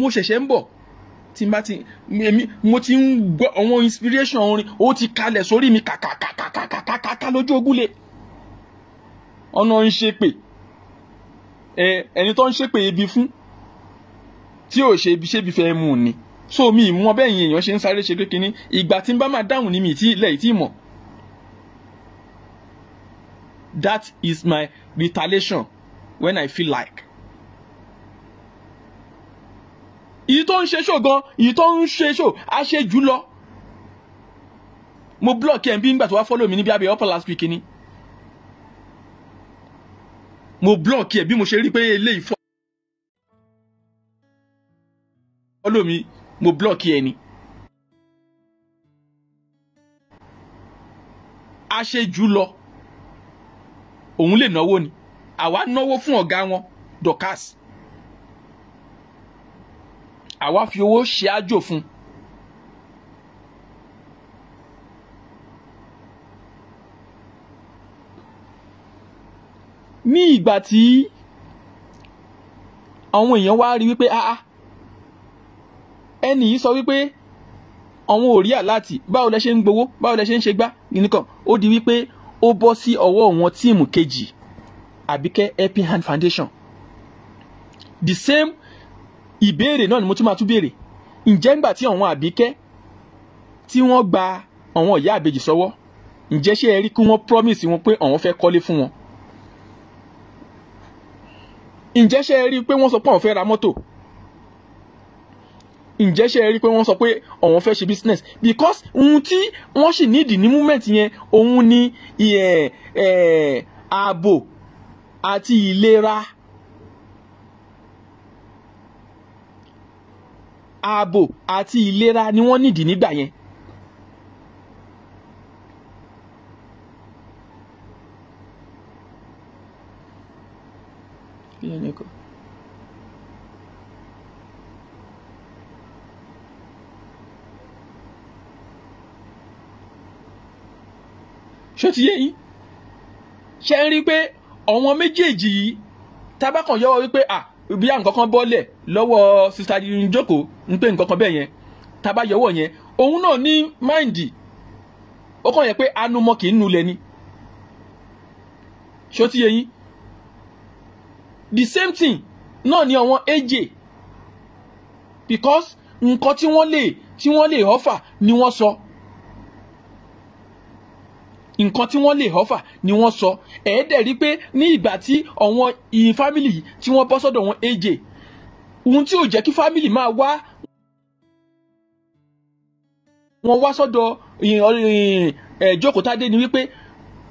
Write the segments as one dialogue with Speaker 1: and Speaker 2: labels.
Speaker 1: mo ṣẹ̀ṣẹ̀ ń bọ̀ tí bá ti èmi mo ti ń gbọ́ àwọn inspiration orin ó ti kalẹ̀ sórí mi kàkàkàkàkàkàkà lójú ogúnlé ọ̀nà ń ṣe pè ẹ ẹni tó ń ṣe pè ebi fún tí ò ṣe ibi ṣébi fẹ́ mú ni so mi mọ bẹ́ẹ̀ yẹn èèyàn ṣe ń sáré ṣe pé kínní ìgbà tí n bá máa dáhùn ní mi tí ilẹ̀ tí mọ̀ that is my retaliation when I feel like èyí tó ń ṣe ṣó gan èyí tó ń ṣe ṣó á ṣe jù lọ mo block ẹ̀ ń bí nígbà tó wá follow mi níbi abẹ́ upper last week ni mo block ẹ̀ bí mo ṣe rí pé eléyìí follow mi mo block ẹ̀ ni. aṣejù lọ òun lè náwó ni àwa náwó fún ọ̀gá wọn Dorkas àwa fi owó ṣe àjò fún un. ní ìgbà tí àwọn èèyàn wá rí wípé ah ẹnì yìí sọ wípé àwọn ò rí àláàtì báwo lẹ ṣe ń gbowó báwo lẹ ṣe ń ṣe gbá nìkan ó di wípé ó bọ́ sí ọwọ́ wọn tíìmù kejì Àbíkẹ́ Helping Hand Foundation the same ìbéèrè náà ni mo tún máa tún béèrè ǹjẹ́ ńgbà tí àwọn àbíkẹ́ tí wọ́n gba àwọn ìyá àbejì sọ́wọ́ ǹjẹ́ ṣé ẹ rí kí wọ́n promise wọn pé àwọn fẹ́ kọ́lé fún wọn ǹjẹ́ ṣé ẹ rí pé wọ́n sọ pé àwọn fẹ́ ra mọ́tò ǹjẹ́ ṣé ẹ rí pé wọ́n sọ pé àwọn fẹ́ ṣe business because ohun tí wọ́n sì nídìí ní moment yẹn òun ni ààbò àti ìlera ààbò àti ìlera ni wọ́n nídìí nígbà yẹn. ṣó ti yé yín ṣe ń rí i pé ọ̀wọ́n méjèèjì yìí tabakàn yọ wípé à bí à nǹkan kan bọ́lẹ̀ lọ́wọ́ sista Njoko ń pè nǹkan kan bẹ́ẹ̀ yẹn tábà yọwọ́ yẹn òun náà ní máìndì ó kàn yẹn pé anumọ kì í nulẹ̀ ni ṣó ti yẹ yín the same thing náà ni àwọn AJ because nǹkan tí wọ́n lè tí wọ́n lè offer ni wọ́n sọ. So nǹkan tí wọ́n lè họ́fà ni wọ́n sọ ẹ̀ẹ́dẹ̀ rí pé ní ìgbà tí àwọn fámìlì yìí tí wọ́n bọ́ sọ́dọ̀ wọn AJ ohun tí ò jẹ́ kí fámìlì máa wá wọn wá sọ́dọ̀ ẹ̀ẹ́dẹ́jọ́kọ̀tàdé ni wípé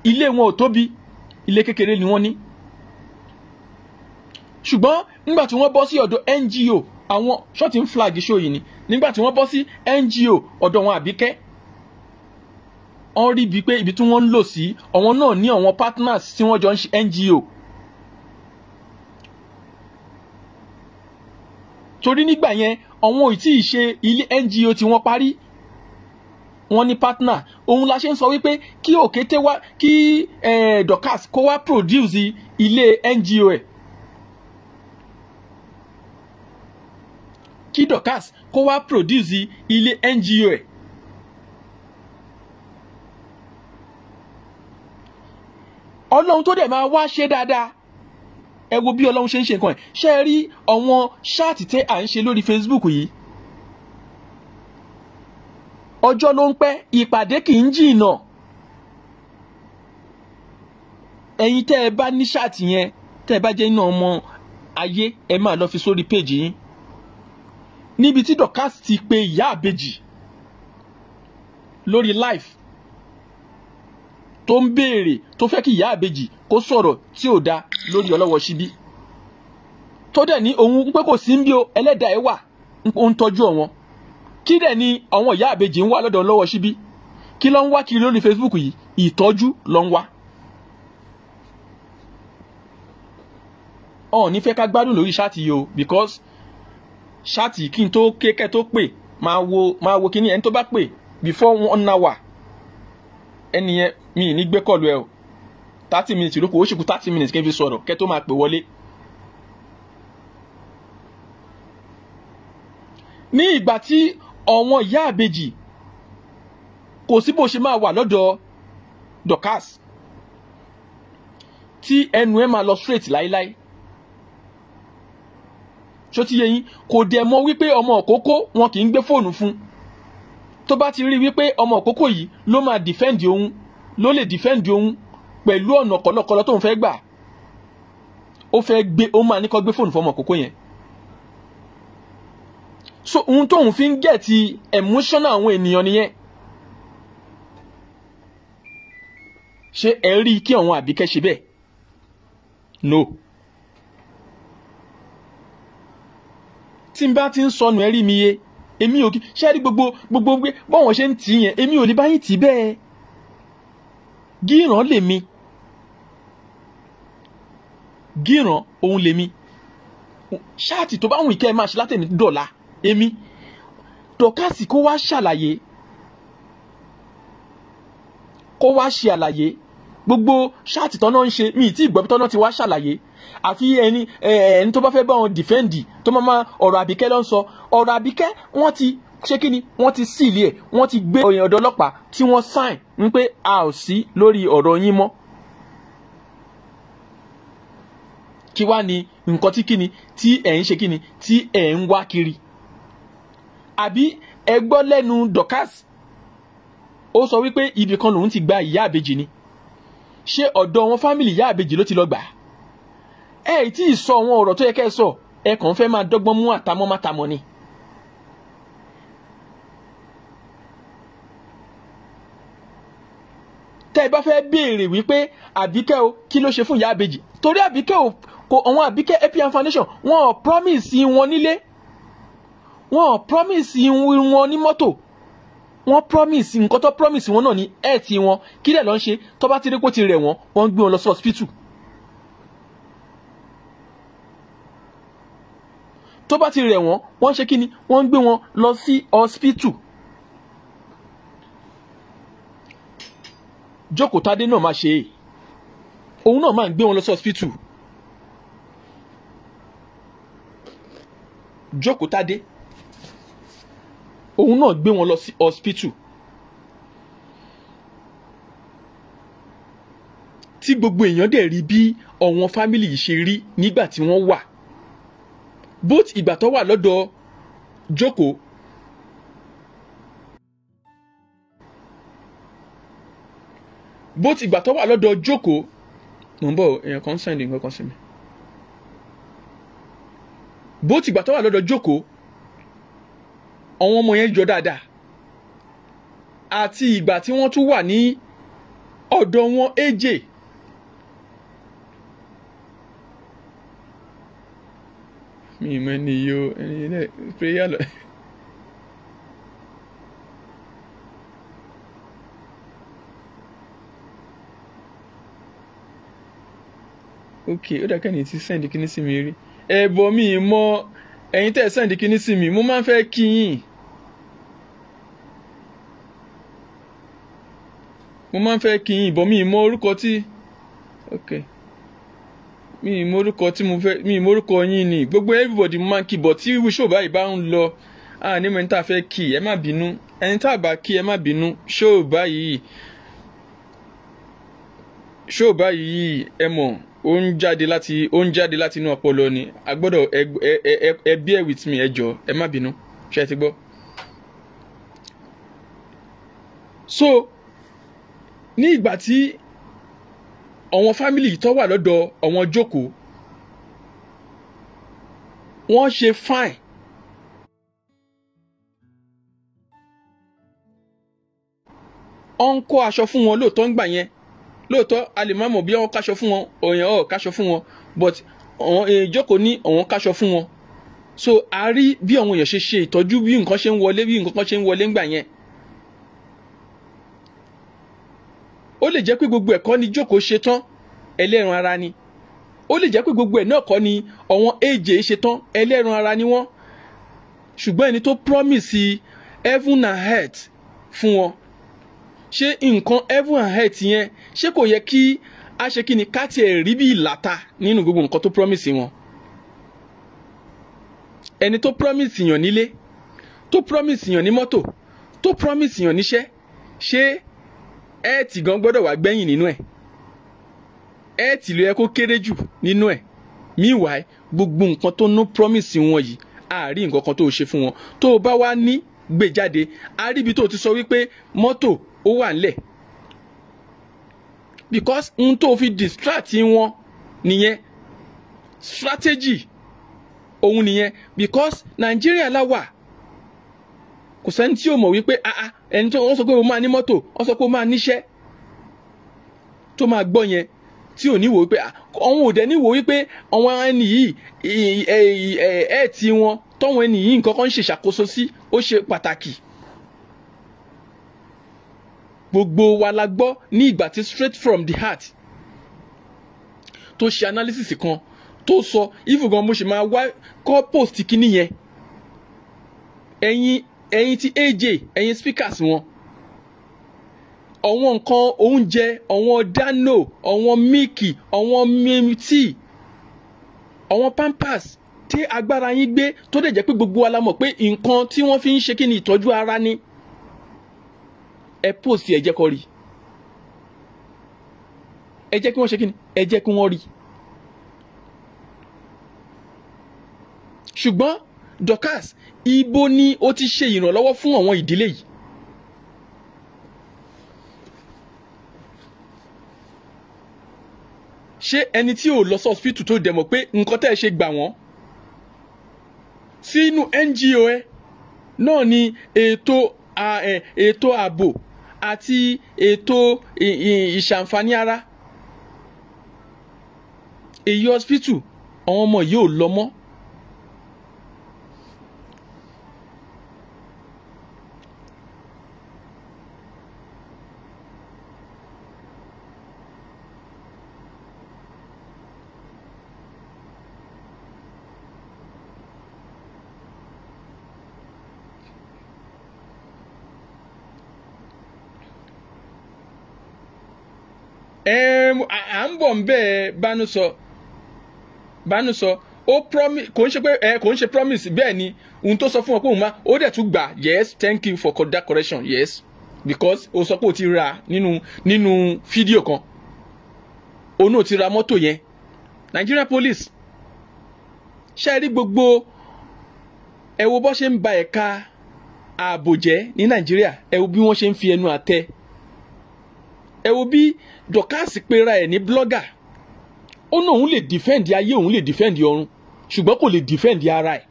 Speaker 1: ilé wọn ò tóbi ilé kékeré ni wọ́n ní ṣùgbọ́n nígbà tí wọ́n bọ́ sí ọ̀dọ̀ NGO àwọn short flag show yìí ni nígbà tí wọ́n bọ́ sí NGO ọ̀dọ̀ wọn Àbíkẹ́ wọ́n rí bíi pé ibi tí wọ́n ń lò sí àwọn náà ní àwọn partners tí wọ́n jọ ń ṣe NGO. torí nígbà yẹn àwọn ò tí ṣe ilé NGO tí wọ́n parí wọ́n ní partner òun la ṣe ń sọ wípé kí òkété wá kí eh, kó wá produce ilé NGO ẹ̀. E. kí Dorkas kó wá produce ilé NGO ẹ̀. ọlọ́run tó dẹ̀ máa wá ṣe dáadáa ẹ wo bí ọlọ́run ṣe ń ṣe nǹkan ẹ̀ ṣe é rí àwọn ṣáàtì tẹ́ à ń ṣe lórí Facebook yìí ọjọ́ ló ń pẹ́ ìpàdé kì í jìnnà ẹ̀yin tẹ́ ẹ bá ní ṣáàtì yẹn tẹ́ ẹ bá jẹ́ iná ọmọ ayé ẹ máa lọ fi sórí péjì yín níbi tí Dorkas ti pe ìyá àbejì lórí live tó ń béèrè tó fẹ́ kí ìyá àbejì kó sọ̀rọ̀ tí ò da lórí ọlọ́wọ́ síbí tó dẹ̀ ní òun pé kò sí ń bí o ẹlẹ́dàá ẹ̀ wà ó ń tọ́jú ọ̀wọ́n kí dẹ̀ ni àwọn ìyá àbejì ń wá lọ́dọ̀ ọlọ́wọ́ síbí kí ló ń wá kiri lórí Facebook yìí ìtọ́jú ló ń wá. ọ̀n ní fẹ́ ká gbádùn lórí ṣáàtì yìí o because ṣáàtì kí n tó kékẹ́ tó pè máa wo máa wo kíní ẹni tó bá pè before one hour ẹnìyẹn mi ì ní gbé kọ̀lù ẹ o thirty minutes ló kù ó sì kù thirty minutes kí n fi sọ̀rọ̀ kẹ́ tó máa pè wọlé. ní ìgbà tí ọ̀wọ́n ìyá àbejì kò sí bó ṣe máa wà lọ́dọ̀ Dorcas tí ẹnu ẹ máa lọ straight láíláí ṣó ti yẹ yín kò dẹ̀ mọ̀ wípé ọmọ òkókó wọn kì í gbé fóònù fún un tó bá ti rí wípé ọmọ òkókó yìí ló máa dìfẹ́ǹdì òun ló lè dìfẹ́ǹdì òun pẹ̀lú ọ̀nà kọlọkọlọ tóun fẹ́ gbà ó fẹ́ gbé ó máa ní kó gbé fóònù fọmọ òkókó yẹn so ohun tóun fi ń gẹ̀ẹ́tì emotional àwọn ènìyàn nìyẹn ṣé ẹ rí i kí àwọn àbíkẹ́ ṣe bẹ́ẹ̀ no tí n bá ti ń sọnù ẹ rí mi yé èmi ò kí ṣe rí gbogbo gbogbo pé bọ́wọ̀n ṣe ń tì í yẹn èmi ò lè báyìí tì bẹ́ẹ̀ gíran lèmi gíran òun lèmi ṣáàtì tó bá wùn kẹ́ ẹ máa ṣe látẹ̀ní dọ̀la èmi dọ̀kásì kó wá ṣàlàyé kó wá ṣe àlàyé gbogbo ṣáàtì tọ́nà ń ṣe mi ì tí ì gbọ́ bí tọ́nà ti wá ṣàlàyé àfi ẹni ẹni tó bá fẹ́ bá wọn dìfẹ́ǹdì tó máa ma ọ̀rọ̀ àbíkẹ́ ló ń sọ ọ̀rọ̀ àbíkẹ́ wọ́n ti ṣé kí ni wọ́n ti sílì ẹ̀ wọ́n ti gbé ọ̀yàn ọ̀dọ́ ọlọ́pàá tí wọ́n sáìn wípé a ò sí lórí ọ̀rọ̀ yín mọ́. kí wá ni nǹkan tí kí ni tí ẹ̀ ń ṣe kí ni tí ẹ̀ ń wá kiri. àbí ẹ gbọ́ lẹ́nu Dorkas ó sọ wípé ibì kan lòun ti gba ìyá àbejì ni ṣé ọ̀dọ̀ wọn fámìlì ìyá àbejì ló ti lọ gbà á ẹ ì tí ì sọ àwọn ọ̀rọ̀ tó yẹ kẹ́ ẹ sọ ẹ kàn fẹ́ máa dọ́gbọ́n mú àtàmọ́ mátàmọ́ ni. tẹ́ ẹ bá fẹ́ béèrè wípé àbíkẹ́ o kí ló ṣe fún ìyá àbèjì torí àbíkẹ́ o kò àwọn àbíkẹ́ APM Foundation wọn ò promise wọn nílé wọn ò promise wọn ní mọ́tò wọn promise nǹkan tó promise wọn náà ní ẹ̀ẹ́tì wọn kí lẹ̀ lọ́n ṣe tó bá ti rí pé ó ti rẹ̀ wọ́n wọ́n ń gbé wọn lọ sí hospital. tó bá ti rẹ̀ wọ́n wọ́n ṣe kí ni wọ́n ń gbé wọn lọ sí hospital jókòtadé náà máa ṣe é òun náà máa ń gbé wọn lọ sí hospital jókòtadé òun náà gbé wọn lọ sí hospital tí gbogbo èèyàn dẹ̀ rí bí ọ̀wọ́n fámìlì yìí ṣe rí nígbà tí wọ́n wà both ìgbà tó wà lọ́dọ̀ Joko both ìgbà tó wà lọ́dọ̀ Joko mò ń bọ̀ èèyàn kan ń sẹ́ndì nǹkan kan sí both ìgbà tó wà lọ́dọ̀ Joko àwọn ọmọ yẹn jọ dáadáa àti ìgbà tí wọ́n tún wà ní ọ̀dọ̀ wọn AJ. mi ì mọ ẹni yìí o ẹni yìí náà prayer lọ. ok ó dàkẹ́ ni ti send kíní sí mi rí ẹ̀bọ̀ mi ì mọ ẹ̀yin tẹ̀ send kíní sí mi mo máa ń fẹ́ kí yín. mo máa ń fẹ́ kí yín ìbọn mi mọ orúkọ tí. okay mi ì mórúkọ tí mo fẹ́ mi ì mórúkọ yín ni gbogbo everybody máa ń kí bọ̀ tí show báyìí bá ń lọ àní mo ní tá a fẹ́ kí ẹ má bínú ẹni tá a bá kí ẹ má bínú show báyìí show báyìí ẹ mọ̀ ó ń jáde láti ó ń jáde láti inú ọpọlọ ni a gbọ́dọ̀ ẹ ẹ ẹ ẹ bear with me ẹ jọ ẹ má bínú ṣe ti gbọ́. so ní ìgbà tí àwọn fámìlì tó wà lọ́dọ̀ àwọn jókòó wọ́n ṣe fine ọ ń kó aṣọ fún wọn lóòótọ́ ń gbà yẹn lóòótọ́ a lè má mọ̀ bí wọ́n káṣọ fún wọn òyìn ọ̀ káṣọ fún wọn but àwọn ìjókòó eh, ní àwọn káṣọ fún wọn so a rí bí àwọn èèyàn ṣe ṣe ìtọ́jú bí nǹkan ṣe ń wọlé bí nǹkan ṣe ń wọlé ńgbà yẹn ó lè jẹ́ pé gbogbo ẹ̀ kọ́ ni jókòó ṣe tán ẹlẹ́ran ara ni ó lè jẹ́ pé gbogbo ẹ̀ náà kọ́ ni ọ̀wọ́n èjè ṣe tán ẹlẹ́ran ara ni wọ́n ṣùgbọ́n ẹni tó promise heaven and earth fún wọn ṣé nǹkan heaven and earth yẹn ṣé kò yẹ kí a ṣe kí ni ká tiẹ̀ rí bí ìlàta nínú gbogbo nǹkan tó promise wọn ẹni tó promise yàn nílé tó promise yàn ní mọ́tò tó promise yàn níṣẹ́ ṣé ẹẹtì gan gbọ́dọ̀ wá gbẹ̀yìn nínú ẹ̀ ẹẹtì ló yẹ kó kéré jù nínú ẹ̀ meanwhile gbogbo nǹkan tó no promise wọn yìí àárí nǹkan kan tó ṣe fún wọn tó o bá wá ní gbé jáde àríbi tó o ti sọ wípé mọ́tò ó wà ńlẹ̀ because n tó fi distract wọn nìyẹn strategy òun nìyẹn because Nigeria la wà kò sẹ́ni tí yóò mọ̀ wípé aa ah, ah, ẹni tó wọ́n sọ pé o máa ní mọ́tò wọ́n sọ pé o máa níṣẹ́ tó máa gbọ́ yẹn tí ò ní wò wípé ah, àwọn òdẹ ní wò wípé àwọn ẹni yìí ẹ ti wọn tọ́wọn ẹni yìí nǹkan kan ń ṣèṣàkóso sí ó ṣe pàtàkì gbogbo wa la gbọ́ ní ìgbà tí straight from the heart tó ṣe analysis kan tó sọ if gan mo ṣe máa wá kọ́ post kíní yẹn ẹ̀yin ẹ̀yin ti aj ẹ̀yin speakers wọn ọ̀wọ́n nǹkan oúnjẹ ọ̀wọ́n dano ọ̀wọ́n míìkì ọ̀wọ́n mímtì ọ̀wọ́n pampers tí agbára yín gbé tó dẹ̀ jẹ́ pé gbogbo wa la mọ̀ pé nǹkan tí wọ́n fi ń ṣe kí ni ìtọ́jú ara ni ẹ pòsì ẹ jẹ́ kó rí ẹ jẹ́ kí wọ́n ṣe kí ni ẹ jẹ́ kí wọ́n rí ṣùgbọ́n Dorcas ibo ni o ti ṣe ìrànlọ́wọ́ fún àwọn ìdílé yìí. ṣé ẹni tí ò lọ sọ́ọ̀sìpìtù tó dẹ̀ pé nǹkan tẹ́ ẹ ṣe gbà wọ́n sínú NGO ẹ náà ni ètò ètò ààbò àti ètò ìṣàǹfààní ara èyí hospital àwọn ọmọ yìí ò lọ mọ́ à ń bọ̀ ń bẹ́ẹ̀ bánú sọ bánú sọ promise kò ń ṣe pé ẹ promise ni un to so fún ọ o òun máa ó yes thank you for that correction yes because o sọ pé ti ra nínú nínú fídíò kan o no ti ra moto yẹn Nigeria police ṣe gbogbo ẹ bo se n ba ẹ̀ka ààbò jẹ́ ní Nàìjíríà ẹ wo bí wọ́n ṣe fi ẹnu ate ẹ wo bí Dorkas pera ẹ̀ ní blọ́gà ó náà òun lè dìfẹ́ǹdì ayé òun lè dìfẹ́ǹdì ọ̀run ṣùgbọ́n kò lè dìfẹ́ǹdì ara ẹ̀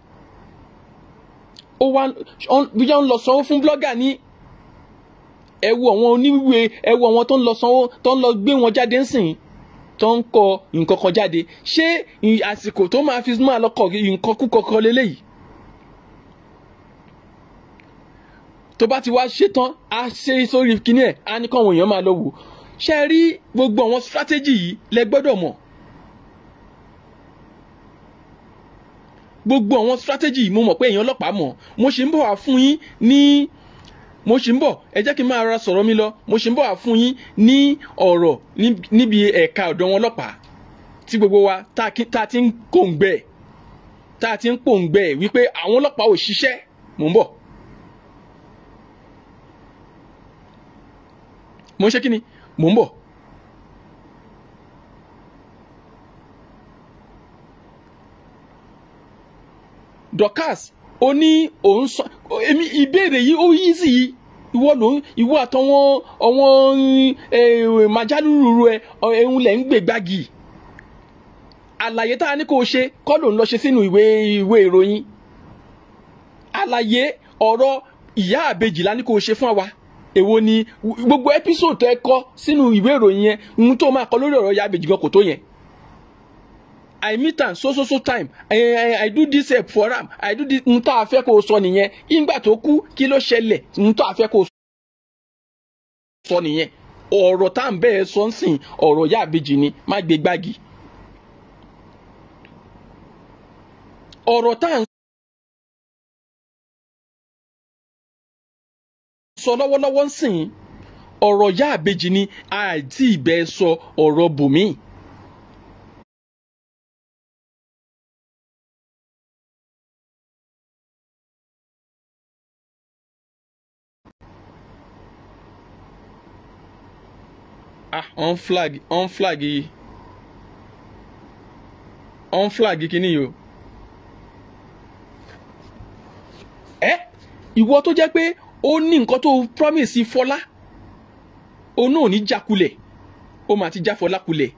Speaker 1: ó wá bíjọ́ ń lọ sanwó fún blọ́gà ní ẹ wo àwọn oníwèé ẹ wo àwọn tó ń lọ sanwó tó ń lọ gbé wọn jáde ń sìn tó ń kọ nǹkan kan jáde ṣé àsìkò tó máa fi máa lọ kọ nǹkan kú kọkọ lélẹ́yìí tó bá ti wá ṣetán á ṣe sórí kíní ẹ̀ á ní káwọn èèyàn máa lọ wò ṣe rí gbogbo àwọn strategy yìí lẹ gbọ́dọ̀ mọ̀ gbogbo àwọn strategy mo mọ̀ pé èèyàn ọlọ́pàá mọ̀ mo ṣì ń bọ̀ wá fún yín ní mo ṣì ń bọ̀ ẹ jẹ́ kí n máa ra sọ̀rọ̀ mi lọ mo ṣì ń bọ̀ wá fún yín ní ọ̀rọ̀ níbi ẹ̀ka ọ̀dọ̀ wọn ọlọ́pàá tí gbogbo wa tá a ti ń kòǹgbẹ̀ tá a ti ń kòǹgbẹ̀ wípé àwọn ọlọ́pàá ò ṣiṣẹ́ mò ń bọ̀. mò ń ṣe kí ni mò ń bọ̀. Dorcas ó ní òun sọ èmi ìbéèrè yìí ó yíìsì yìí ìwọ ló ìwọ àtọwọn ọwọn màjálùrù ẹ ẹhun lẹ ń gbè gbági àlàyé tá a ní kó o ṣe kọ́ ló ń lọ ṣe sínú ìwé ìwé ìròyìn àlàyé ọ̀rọ̀ ìyá àbejì la ní kó o ṣe fún wa èwo ni gbogbo episode tó ẹ kọ sínú ìwé ìròyìn yẹn ohun tó máa kọ lórí ọ̀rọ̀ ya bèjì gan kò tó yẹn i meet am so so so time i, I, I do this help for am i do this ohun tá a fẹ́ kó o sọ nìyẹn ìgbà tó kú kí ló ṣẹlẹ̀ ohun tá a fẹ́ kó o sọ nìyẹn ọ̀rọ̀ tá à ń sọ ń sìn ya bèjì ni má gbé gbági
Speaker 2: ọ̀rọ̀ tá à sọ lọ́wọ́lọ́wọ́ ń sìn ọ̀rọ̀ yá àbejì ni àti ìbẹ́ sọ ọ̀rọ̀ bùnmí. ah on flag on flag
Speaker 1: on flag kìíní yìí o. ẹ ìwọ tó jẹ́ pé ó ní nǹkan tó promise fọlá òun náà ò ní jákulẹ̀ ó máa ti já fọlá kulẹ̀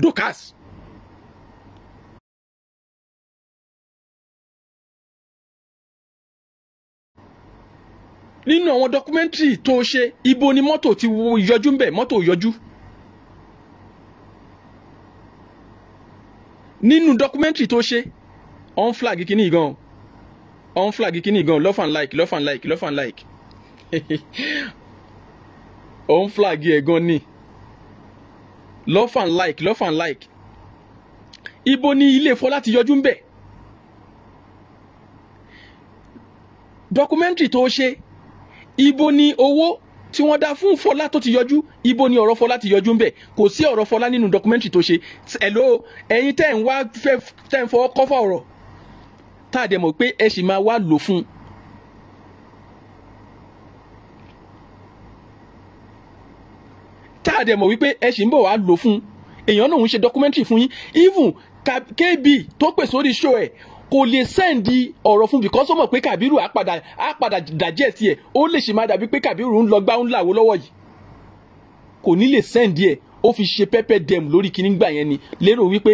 Speaker 1: Dorcas.
Speaker 2: nínú àwọn dọkúmẹ́ntì tó ṣe ibo ni
Speaker 1: mọ́tò ti yọjú ń bẹ̀ mọ́tò yọjú. nínú dọkúmẹ́ntì tó ṣe on flag kìíní gan on flag kìíní gan love and like love and like love and like òun flag ẹ̀ gan ni love and like love and like ibo ni ilé Fọlá ti yọjú ń bẹ̀ documentary tó ṣe ibo ni owó tí wọ́n dá fún Fọlá tó ti yọjú ibo ni ọ̀rọ̀ Fọlá ti yọjú ńbẹ̀ kò sí ọ̀rọ̀ Fọlá nínú documentary tó ṣe ẹ̀lò ẹ̀yin tẹ́ ń wá fẹ́ tẹ́ ń fọwọ́ kọ́fà ọ̀rọ̀ tá a dẹ̀ mọ̀ pé ẹ sì máa wá lò fún un àdẹ̀mọ̀ wípé ẹ ṣì ń bọ̀ wá lò fún èèyàn náà ń ṣe documentary fún yín even kb tó pè sórí show ẹ̀ kò lè sẹ́ǹdì ọ̀rọ̀ fún because ó pé kàbírù á padà dàjẹ́ sí ẹ̀ ó lè ṣe máa dàbí pé kàbírù ń lọ gbá ń làwọ́ lọ́wọ́ yìí kò ní lè sẹ́ǹdì ẹ̀ ó fi ṣe pẹ́pẹ́ dẹ̀m lórí kíní gbà yẹn ni lérò wípé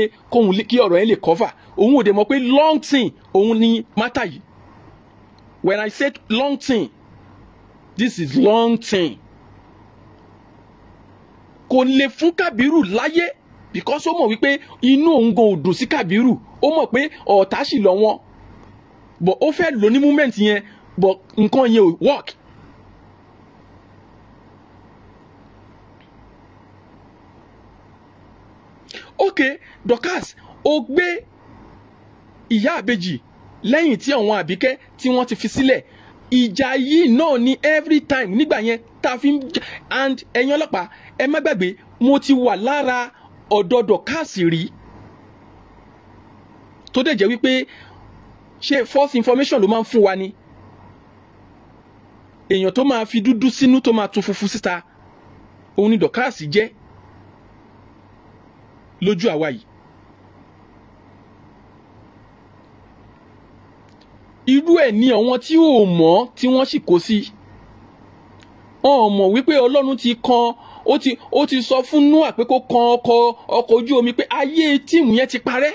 Speaker 1: kí ọ̀rọ̀ yẹn lè cover òun ò dẹ̀ mọ̀ pé long thing òun ni matter yìí when I said long thing this is long thing kò lè fún Kábírù láyé because ó mọ̀ wípé inú òun gan ò dùn sí Kábírù ó mọ̀ pé ọ̀tá sì lọ wọn but ó fẹ́ lò ní moment yẹn but nǹkan yẹn ò work. ok Dorkas ó gbé ìyá àbejì lẹ́yìn tí àwọn àbíkẹ́ tí wọ́n ti fi sílẹ̀ ìjà yìí náà ni every time nígbà yẹn tá fi ń and ẹ̀yin ọlọ́pàá ẹ má gbàgbé mo ti wà lára ọ̀dọ̀dọ̀ káàsì rí tó dẹ̀ jẹ́ wípé ṣé false information ló máa ń fún wa ni èèyàn tó máa fi dúdú sínú tó máa tún funfun síta òun ni dọ̀káàsì jẹ́ lójú àwa yìí irú ẹ̀ ni àwọn tí ò mọ̀ tí wọ́n sì kó sí wọn mọ̀ wípé ọlọ́run ti kan ó ti ó ti sọ fún Noah pé kó kan ọkọ̀ ọkọ̀ ojú omi pé ayé tíìmù yẹn ti parẹ́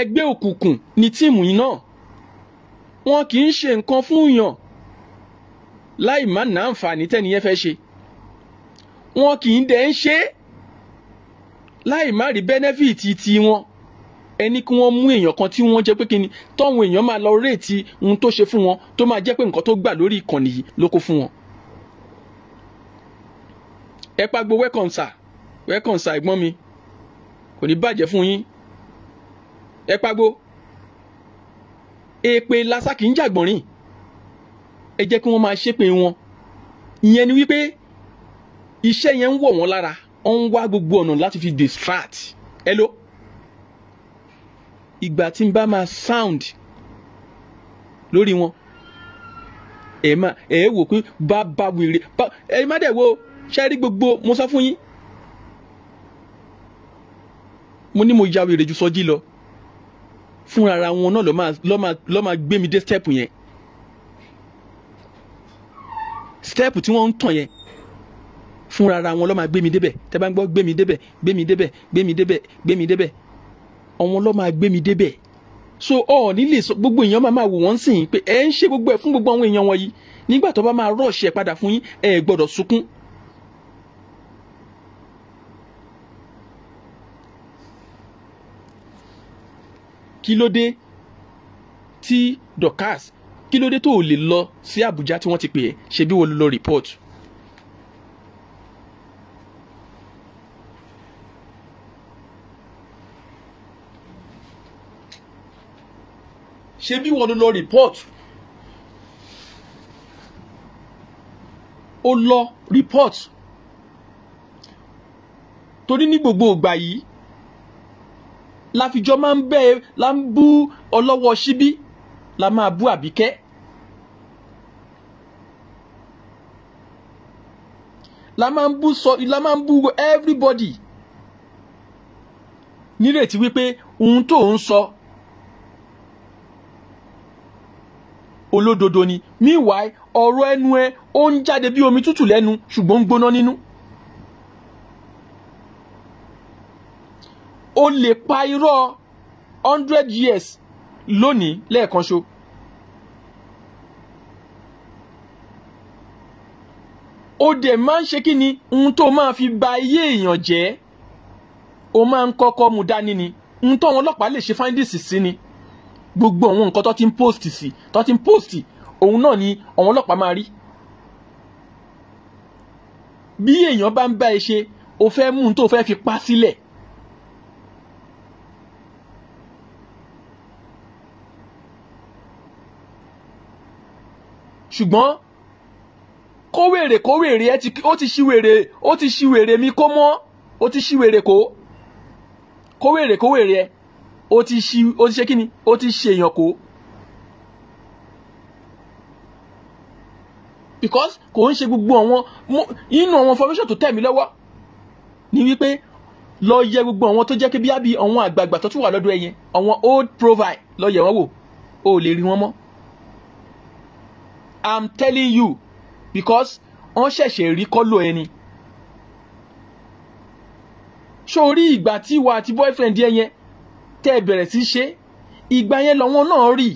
Speaker 1: ẹgbẹ́ òkùnkùn ni tíìmù yìí náà wọn kì í ṣe nǹkan fún yàn láì má nà àǹfààní tẹ́niyẹn fẹ́ ṣe wọn kì í dẹ̀ ń ṣe láì má rí bẹ́nẹ́fìtì tiwọn ẹni kí wọ́n mú èèyàn kan tí wọ́n jẹ́ pé kíni tọ́hún èèyàn máa lọ réètì ohun tó ṣe fún wọn tó máa jẹ́ pé nǹkan tó gbà lórí ìkànnì yìí ló kó fún wọn. ẹ pagbo welcome sir welcome mi kò ní bàjẹ́ fún yín ẹ pagbo èèpè lásàkì ń jàgbọ̀nrín ẹ jẹ́ kí wọ́n máa ṣépè wọn ìyẹn ni wípé iṣẹ́ yẹn ń wọ̀ wọ́n lára ó ń wá gbogbo ọ̀nà láti fi distract hello ìgbà tí n bá máa sound lórí wọn ẹ má ẹ wò pé bá bá wèrè bá ẹ má dẹ̀ wo ṣe rí gbogbo mo sọ fún yín mo ní mo ya wèrè ju sọjí lọ fúnra ara wọn náà lọ́ máa gbé mi dé step yẹn step tí wọ́n ń tàn yẹn fúnra ara wọn lọ́ máa gbé mi débẹ̀ tẹ́ bá ń gbọ́ gbé mi débẹ̀ gbé mi débẹ̀ gbé mi débẹ̀ gbé mi débẹ̀ àwọn ló máa gbé mi débẹ̀ so ọ nílé gbogbo èèyàn máa máa wò wọ́n sìn pé ẹ ń ṣe gbogbo ẹ̀ fún gbogbo àwọn èèyàn wọ̀nyí nígbà tó bá máa rọ̀ṣẹ̀ padà fún yín ẹ gbọ́dọ̀ sunkún. kí ló dé tí Dorkas kí ló dé tó o lè lọ sí Àbújá tí wọ́n ti pè é ṣebí wo ló lọ rìpọ́ọ̀tù ṣe bí wọn lọ report ó lọ report torí ní gbogbo ìgbà yìí láfijọ́ máa ń bẹ́ la ń bú ọlọ́wọ́ síbí la máa bú àbíkẹ́ la máa ń bú sọ la máa ń bú everybody nírètí wípé ohun tó ń sọ olódodo ni meanwhile ọ̀rọ̀ ẹnu ẹ ó ń jáde bí omi tútù lẹ́nu ṣùgbọ́n ń gbóná nínú. o lè pa irọ́ hundred years lónìí lẹ́ẹ̀kan ṣo. o dẹ̀ máa ń ṣe kí ni ohun tó máa fi ba ayé èèyàn jẹ́ o máa ń kọ́kọ́ mú dání ni ohun tó àwọn ọlọ́pàá lè ṣe fáńdíìsì sí ni gbogbo àwọn nǹkan tó ti ń post sí tó ti ń post òun náà ni àwọn ọlọ́pàá máa rí bí èèyàn bá ń bá ẹ ṣe o fẹ́ mú un tó fẹ́ fi pa sílẹ̀ ṣùgbọ́n kówèrè kówèrè ẹ ti ó ti ṣiwèrè ó ti ṣiwèrè mi kó mọ́ ó ti ṣiwèrè kó kówèrè kówèrè ẹ ó ti ṣe kí ni ó ti ṣe èèyàn kó because kò ń ṣe gbogbo àwọn inú àwọn information tó tẹ̀ mí lọ́wọ́ ni wípé lọ yẹ gbogbo àwọn tó jẹ́ kí bíábí àwọn àgbààgbà tó tún wà lọ́dọ̀ ẹ̀yẹn àwọn old provide lọ yẹ wọ́n wò o lè rí wọn mọ́ i'm telling you because wọ́n ṣẹ̀ṣẹ̀ rí kọ́lọ̀ ẹni sórí ìgbà tí ìwà àti boyfriend ẹ̀yẹn tẹ́ ẹ bẹ̀rẹ̀ sí ṣe ìgbà yẹn lọ́wọ́ náà rí.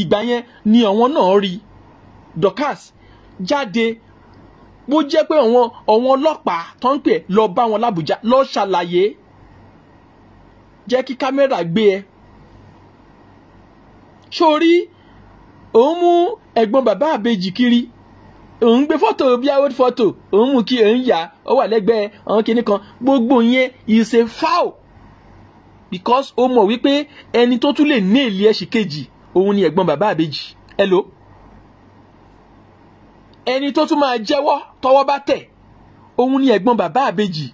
Speaker 1: ìgbà yẹn ni àwọn náà rí Dorkas jáde bó jẹ́ pé àwọn àwọn ọlọ́pàá tó ń pè lọ bá wọn lábùjá lọ ṣàlàyé jẹ́ kí kámẹ́rà gbé ẹ sórí òun mú ẹ̀gbọ́n bàbá àbejì kiri òun gbé fọ́tò bí old photo òun mú kí òun yá ó wà lẹ́gbẹ̀ẹ́ àwọn kinní kan gbogbo yẹn is a foul because ó mọ̀ wípé ẹni tó tún lè ní èlé ẹ̀ṣì kejì òun ni ẹ̀gbọ́n bàbá àbèjì ẹ lò ẹni tó tún máa jẹ́wọ́ tọwọ́ bá tẹ̀ òun ni ẹ̀gbọ́n bàbá àbèjì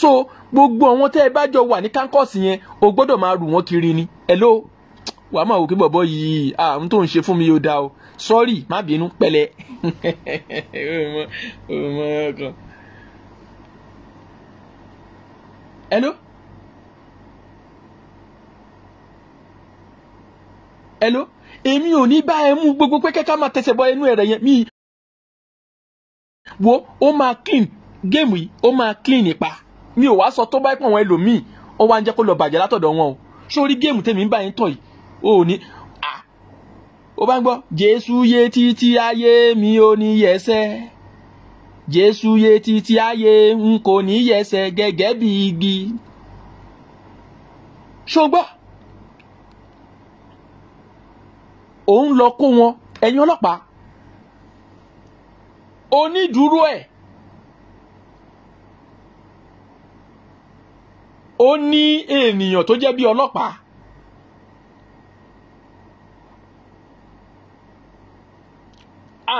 Speaker 1: so gbogbo àwọn tẹ́ ẹ bá jọ wà ní kánkọ́ọ̀sì yẹn o gbọ́dọ̀ máa rù wọ́n kiri ni ẹ lò wàá máa wò kí bọ̀bọ̀ yìí àwọn tó ń ṣe fún mi yóò dá o sọ́ọ̀rì má bínú pẹ̀lẹ́ Ouman, ouman yo kon. Hello? Hello? Èmi ò ní bá ẹ mú gbogbo pé kẹ́kẹ́ máa tẹsẹ̀ bọ inú ẹ̀rẹ̀ yẹn mí. Wo ó máa clean géèmù yìí ó máa clean nípa. Mi ò wá sọ tó báyìí pọ̀ wọn ẹlòmíì ó wá ń jẹ́ kó lọ bàjẹ́ látọ̀dọ̀ wọn o. Sórí géèmù tèmi ń bá yín tọ̀ yìí. O ò ní ó bá ń gbọ́ jésù yé títí ayé mi ò ní yẹsẹ̀ jésù yé títí ayé n kò ní yẹsẹ̀ gẹ́gẹ́ bí igi ṣùgbọ́n òun lọ kó wọn ẹ̀yin ọlọ́pàá onídùúró ẹ̀ ó ní ènìyàn tó jẹ́ bí ọlọ́pàá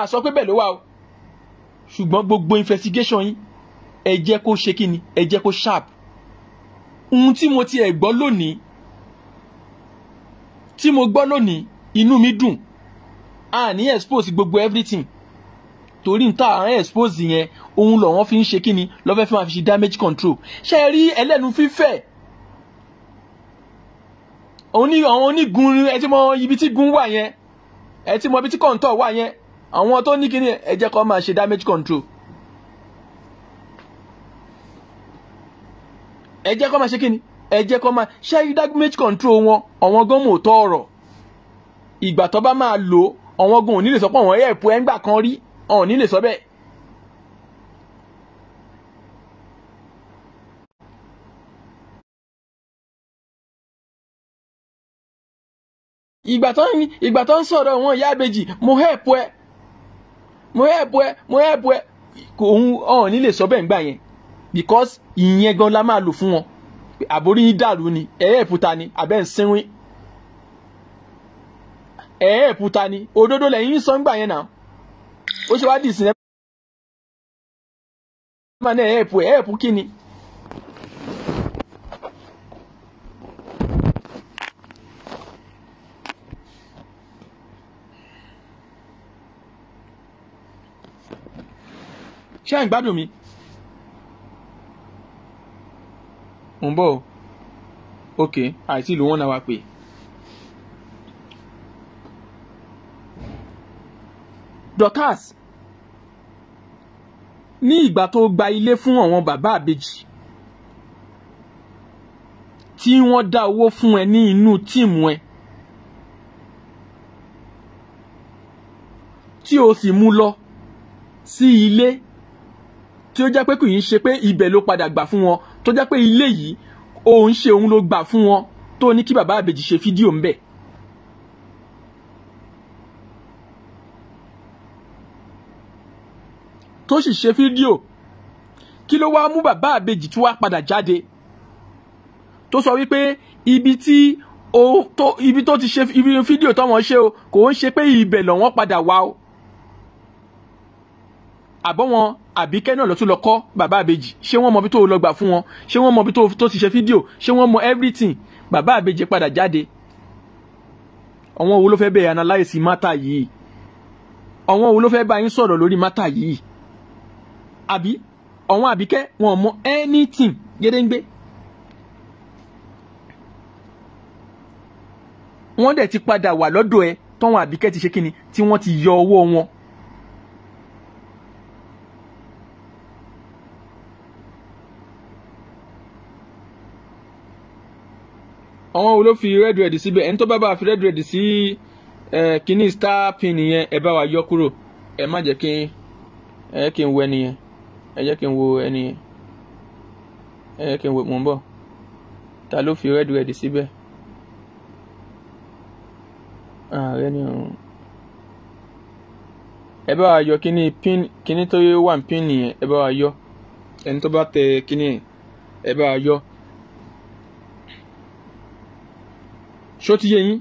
Speaker 1: a sọ pé bẹ́ẹ̀ ló wà o ṣùgbọ́n gbogbo investigation yín ẹ jẹ́ kó ṣe kí ni ẹ jẹ́ kó sharp ohun tí mo ti ẹ̀ gbọ́ lónìí tí mo gbọ́ lónìí inú mi dùn a ní expose gbogbo everything torí n ta à ń expose yẹn ohun lọ́wọ́n fi ń ṣe kí ni lọ́fẹ́ fẹ́ máa fi ṣe damage control ṣe rí ẹlẹ́nu fífẹ̀ àwọn onígun ẹ ti mọ ibi tí gun wà yẹn ẹ ti mọ ibi tí kọ̀ǹtọ̀ wà yẹn àwọn tó ní kíní ẹ jẹ́ kó máa ṣe damage control ẹ jẹ́ kó máa ṣe kíní ẹ jẹ́ kó máa ṣe damage control wọn àwọn gan mò tọ́ ọ̀rọ̀ ìgbà tó bá máa lò àwọn gan ò ní lè sọ pé àwọn ẹ̀yà ìpò ẹ̀ńgbà
Speaker 2: kan rí àwọn ní lè sọ bẹ́ẹ̀. ìgbà tó ń sọ̀rọ̀ wọn ìyá àbèjì mo hẹ́ẹ̀pù ẹ̀
Speaker 1: mo help ẹ mo help ẹ òun ọ̀hún nílè sọ bẹ́ẹ̀ ńgbà yẹn because ìyẹn gan la máa lò fún wọn àbórí yín dàrú ni ẹ̀ẹ́pùta ni àbẹ́ ń sínwín ẹ̀ẹ́pùta ni òdodo lẹ́yìn sọ ńgbà yẹn náà ó ṣe wá dì sí ẹ̀ ẹ̀ ẹ̀ ẹ̀ ṣé ẹ̀ ń gbádùn mi. mo ń bọ̀ o ok àìsí ìlú wọn náà wá pè. Dorkas ní ìgbà tó gba ilé fún àwọn bàbá àbejì tí wọ́n dá owó fún ẹ ní inú tíìmù ẹ tí o sì mú lọ sí ilé tí ó jẹ́ pé kì í ṣe pé ibẹ̀ ló padà gbà fún wọn tó jẹ́ pé ilé yìí òun ṣe òun ló gbà fún wọn tó ní kí bàbá àbèjì ṣe fídíò ń bẹ̀. tó sì ṣe fídíò kí ló wáá mú bàbá àbèjì tí wàá padà jáde tó sọ wípé ibi tí o tó ibi tó ti ṣe ibi fídíò tọ́wọ́n ṣe o kò ń ṣe pé ibẹ̀ lọ́wọ́n padà wá o àbọ̀ wọn àbíkẹ́ náà lọ tún lọ kọ́ bàbá àbèjì ṣé wọ́n mọ bí tó lọ gbà fún wọn ṣé wọ́n mọ bí tó ti ṣe fídíò ṣé wọ́n mọ everything bàbá àbèjì padà jáde àwọn wo ló fẹ́ bẹ̀rẹ̀ analyse mátà yìí àwọn wo ló fẹ́ bá yín sọ̀rọ̀ lórí mátà yìí àbí àwọn àbíkẹ́ wọn mọ anything gédéǹgbé wọ́n dẹ̀ ti padà wà lọ́dọ̀ ẹ tọ́wọ́n àbíkẹ́ ti ṣe kíni tí wọ́n ti yọ ọwọ́ wọn àwọn wo fi red red si bẹ́ẹ̀ ẹni fi red red si kíní star pin yẹn ẹ wa yọ kúrò ki má jẹ́ kí ki jẹ́ kí n ki ẹni yẹn ta lo fi red red si ààrẹ ni ọ̀run ẹ wa yọ kini pin kíní pin nìyẹn ẹ wa ṣó ti yín.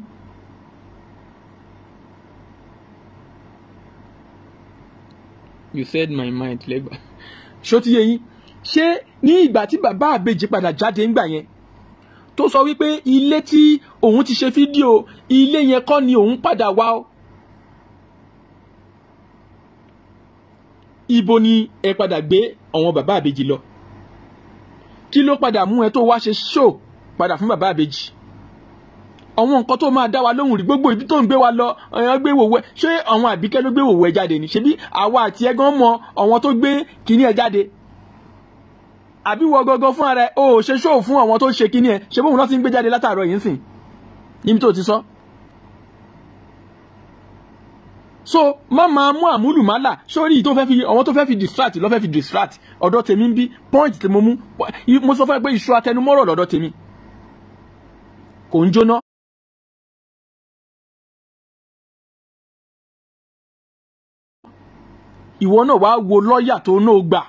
Speaker 1: you said my mind lẹ́gbàá ṣó ti yé yín ṣé ní ìgbà tí bàbá àbèjì padà jáde ńgbà yẹn tó sọ wípé ilé tí òun ti ṣe fídíò ilé yẹn kọ́ ni òun padà wá o. ibo ni ẹ padà gbé àwọn bàbá àbèjì lọ kí ló padà mú ẹ tó wá ṣe ṣó padà fún bàbá àbèjì àwọn nǹkan tó máa dá wa lóhùn rí gbogbo ibi tó ń gbé wa lọ ẹ̀yàn gbé wòwẹ́ ṣé àwọn àbíkẹ́ ló gbé wòwẹ́ jáde ni ṣebí àwa àti ẹ̀gán mọ àwọn tó gbé kinní ẹ̀ jáde àbí wọ gangan fún ara ẹ̀ o ṣe ṣóò fún àwọn tó ṣe kinní ẹ̀ ṣe bóun náà ti ń gbé jáde látàárọ̀ yìí ń níbi tó ti sọ. so má máa mú àmúlùmálà sórí tó fẹ́ fi àwọn tó fẹ́ fi distract lọ́ fẹ́ fi distract ọ̀dọ̀ tèmi ń bí point tí mo mú
Speaker 2: mo sọ fún ẹ pé ìṣó ìwọ náà wàá wo lọ́ọ̀yà tó náà gbà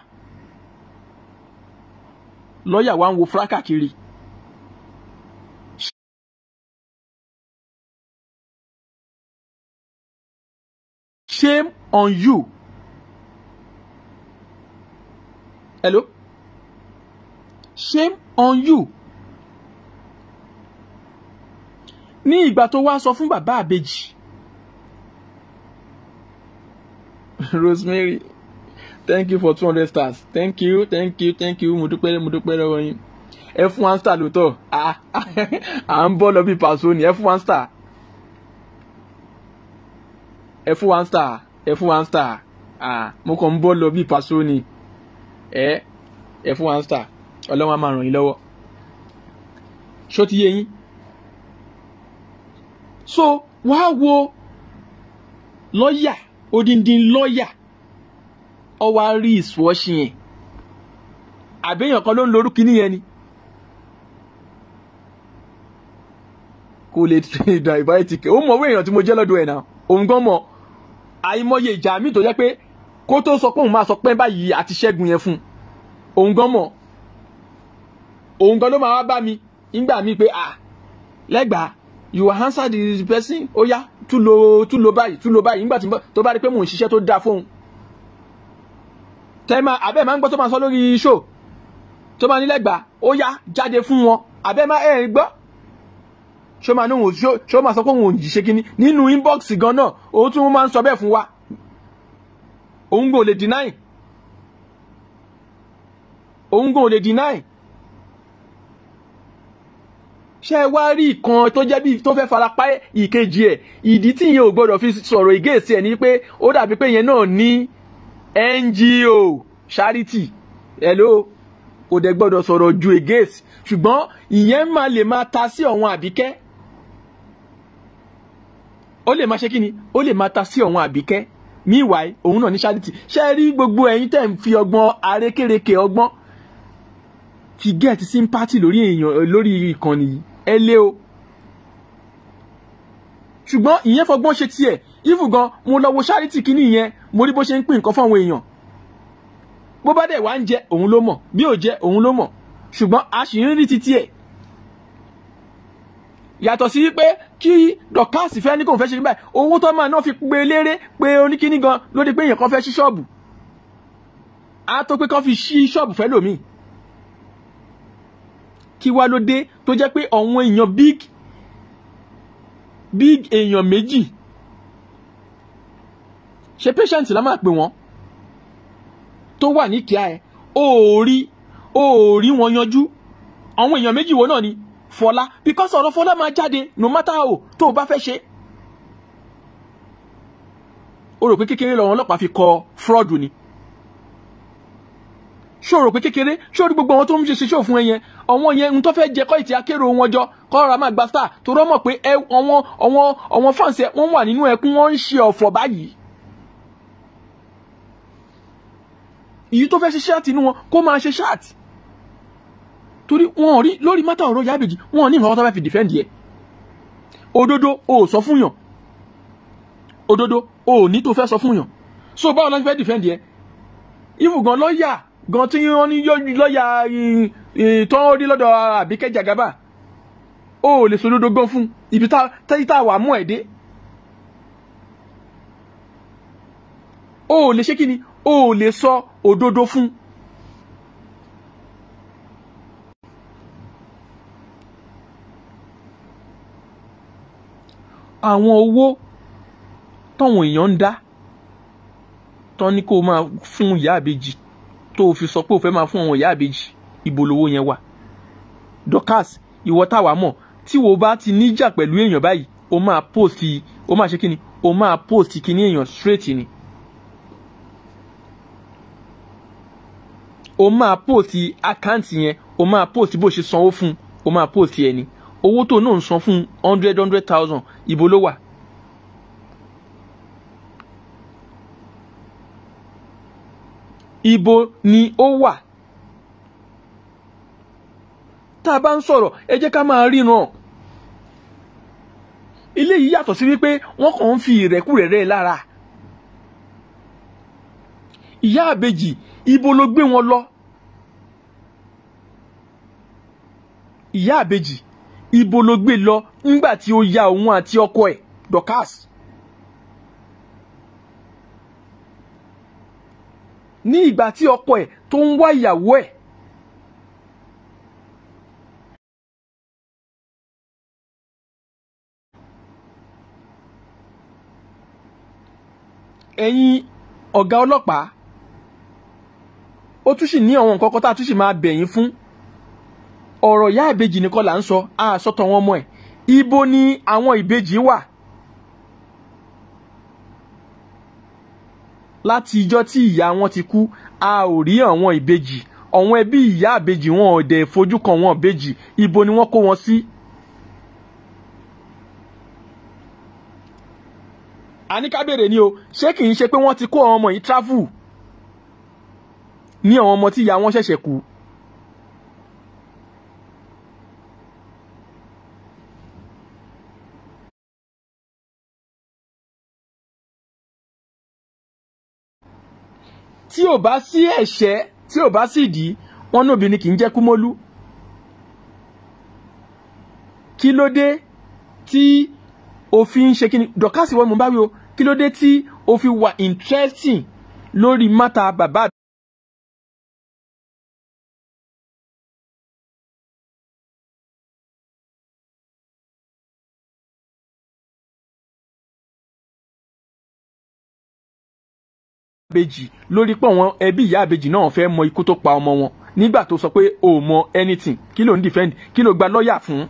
Speaker 2: lọ́ọ̀yà wàá ń wo fúráká kiri. shame on you. hello
Speaker 1: shame on you. ní ìgbà tó wá sọ fún bàbá àbèjì. Rosemary thank you for two hundred stars thank you thank you thank you mo dúpẹ́ mo dúpẹ́ lọ́wọ́ yín ẹ one star lóòótọ́ ah, à ń bọ́ lọ bí pàṣọ ni ẹ one star F one star F one star ah, mo kàn ń bọ́ lọ bí pàṣọ ni ẹ one star ọlọ́wọ́n á máa ràn yín lọ́wọ́ ṣó ti yé yín so wàá wo lọ́ọ̀yà odindi lọ́ọ̀yà ọwọ́ rí ìsúwọ́sí yẹn àbẹ́yàn kan ló ń lo orúkí nìyẹn ni kò lè dà ìbáyé ti kẹ́ ó mọ̀ owó èèyàn tí mo jẹ́ lọ́dọ̀ ẹ̀ náà òun gan mọ̀ àìmọye ìjà mi tó jẹ́ pé kó tó sọ pé òun máa sọ pé báyìí àti ṣẹ́gun yẹn fún un òun gan mọ̀ òun gan ló máa wá bá mi nígbà míì pé à lẹ́gbàá you answer the person ó oh yá too low, tú lo báyìí tú lo báyìí nígbà tó bá rí pé mò ń ṣiṣẹ́ tó dáa fóun tẹ́lẹ̀ abẹ́ máa ń gbọ́ tó máa sọ lórí show tó máa nílẹ̀ gbà ó oh yá jáde fún wọn abẹ́ máa ẹ̀ gbọ́ ṣó máa níwọ̀n ṣó máa sọ pé òun ò ṣe kínní nínú inbox gan náà òun tún máa ń sọ bẹ́ẹ̀ fún wa òun gò lè deny òun gò lè deny ṣé ẹ wá rí ìkan tó jẹ́ bíi tó fẹ́ farapa ìkejì ẹ̀ ìdí tí ìyẹn ò gbọ́dọ̀ fi sọ̀rọ̀ ìgéèsí ẹ̀ ni pé ó dàbí pé ìyẹn náà ní NGO charity hello kò dẹ̀ gbọ́dọ̀ sọ̀rọ̀ ju against ṣùgbọ́n ìyẹn máa lè máa ta sí ọ̀wọ́n àbíkẹ́ ó lè máa ṣe kí ni ó lè máa ta sí ọ̀wọ́n àbíkẹ́ meanwhile òun náà ní charity ṣe rí gbogbo ẹ̀yin tẹ̀ ń fi ọgbọ́n arékèrèké ọgbọ́n ti get sympathy lórí èèyàn lórí ìkànnì yìí ẹ lé o ṣùgbọ́n ìyẹn fọgbọ́n ṣe tiẹ̀ ìfù gan mo lọ wo ṣáríìtì kínní yẹn mo rí bó ṣe ń pín nǹkan fáwọn èèyàn bó bá dẹ̀ wá ń jẹ òun ló mọ̀ bí ò jẹ òun ló mọ̀ ṣùgbọ́n a sì ń rí títí ẹ̀ yàtọ̀ sí pé kí dọ̀kásì fẹ́ ní kò fẹ́ ṣe níbẹ̀ owó tó máa náà fi pe eléré pe oníkíní gan ló di pé èèyàn kan fẹ́ ṣí ṣọ́ọ̀bù á tó pé kán fi ṣí ṣọ́ọ̀bù fẹ́ lòmíì kí wá ló dé tó jẹ́ pé àwọn èèyàn big big èèyàn méjì ṣe patient la máa pè wọ́n tó wà ní kíá ẹ̀ ó rí ó rí wọn yanjú àwọn èèyàn méjì wo náà ni Fọlá because ọ̀rọ̀ Fọlá máa jáde no matter how tó o bá fẹ́ ṣe o rò pé kékeré lọ́wọ́ ọlọ́pàá fi kọ fraud ni ṣòro pé kékeré ṣòro gbogbo àwọn tó ń ṣe ṣiṣẹ́ òfin ẹ̀yẹn àwọn yẹn ń tó fẹ́ jẹ kọ́ ìtì akérò wọn jọ kọ́ra máa gba star tó rọ́ mọ̀ pé àwọn àwọn àwọn fans ẹ̀ wọ́n wà nínú ẹkún wọ́n ń ṣe ọ̀fọ̀ báyìí. èyí tó fẹ́ ṣe ṣáàtì inú wọn kó máa ṣe ṣáàtì torí wọn ò rí lórí mátà ọ̀rọ̀ Ìyá Ìbejì wọn ò ní ìfọwọ́tọ́ fẹ́ fi dìfẹ́ǹdì ẹ̀ òdodo o ò sọ fún yàn òdodo o ò ní tó fẹ́ sọ fún yàn so báwo lọ́n fẹ́ dìfẹ́ǹdì ẹ̀ ìfùgàn lọ́ọ́yà gan tí wọ́n ní lọ́ọ̀yà tó ń rí lọ́dọ̀ Àbíkẹ́ Jàgábà ó lè sòdodo gan fún ibi tá a wà mú ẹ̀ dé ó lè ṣe kí ni ó lè sọ òdodo fún. àwọn owó táwọn èèyàn ń dá tán ni kó máa fún ìyá àbèjì tó o fi sọ pé o fẹ́ máa fún àwọn ìyá àbejì ibo lowó yẹn wà Dorkas ìwọ táwa mọ̀ tí wo bá ti níjà pẹ̀lú èèyàn báyìí o máa post o máa ṣe kíni o máa post kíní èèyàn straight ni o máa post àkáǹtì yẹn o máa post bó ṣe sanwó fún o máa post ẹni owó tó náà ń san fún hundred hundred thousand ibo ló wà ibo ni ó wà tá a bá ń sọ̀rọ̀ ẹ jẹ́ ká máa ríran ilé yìí yàtọ̀ sí wípé wọ́n kàn ń fi ìrẹ́kúrẹ́rẹ́ lára ìyá àbejì ibo ló gbé wọn lọ ìyá àbejì ibo ló gbé lọ ńgbà tí ó ya òun àti ọkọ ẹ̀ Dorcas.
Speaker 2: ní ìgbà tí ọkọ ẹ̀ tó ń wá ìyàwó ẹ̀ ẹ̀yin
Speaker 1: ọ̀gá ọlọ́pàá ó tún sì ní àwọn nǹkan kan tá a tún sì máa bẹ̀yìn fún ọ̀rọ̀ ìyá ìbejì nìkan là ń sọ àsọtọ̀ wọn ọmọ ẹ̀ ibo ni àwọn ìbejì wà láti ijọ́ tí ìyá wọn ti kú a ò rí àwọn ìbejì àwọn ẹbí ìyá àbejì wọn ò dẹ̀ fojú kan wọn ìbejì ibo ni wọ́n kó wọn sí. àníkábèrè ni o ṣé kì í ṣe pé wọ́n ti kó àwọn ọmọ yìí travel ní àwọn ọmọ tí ìyá wọn ṣẹ̀ṣẹ̀ kú
Speaker 2: tí ò bá sí ẹ̀ṣẹ̀ tí ò bá sí ìdí wọn náà obìnrin kì í jẹ́
Speaker 1: kúmọ́lú kí ló dé tí
Speaker 2: òfin ṣe kí ni dọ̀kásì mo bá wí o kí ló dé tí o wà interesting lórí mátà bàbá àbèjì lórí pé àwọn ẹbí ìyá àbèjì náà fẹ́ mọ ikú tó pa ọmọ wọn nígbà tó sọ pé o
Speaker 1: mọ anything kí ló ń defend kí ló gba lọ́ọ̀yà fún.